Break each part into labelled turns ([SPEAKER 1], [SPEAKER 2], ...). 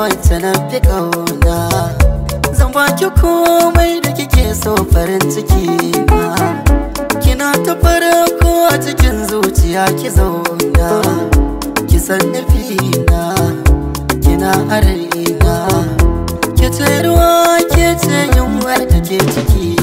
[SPEAKER 1] wacce na fi ƙauna zan komai da kike so farin ciki na kina ta farko a cikin zuciya ki zauna ki san nufi na kina arena ke ce ruwa ke ce yunwar da ke ciki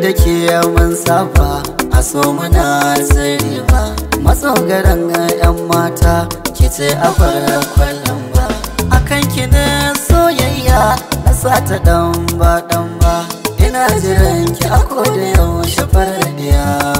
[SPEAKER 1] da ke mun safa a so muna sirri ba matsogaran yan mata ki ce a fara kwallon ba akan ki na soyayya na sata dan ba dan ba ina jiran ki a koda yaushe farar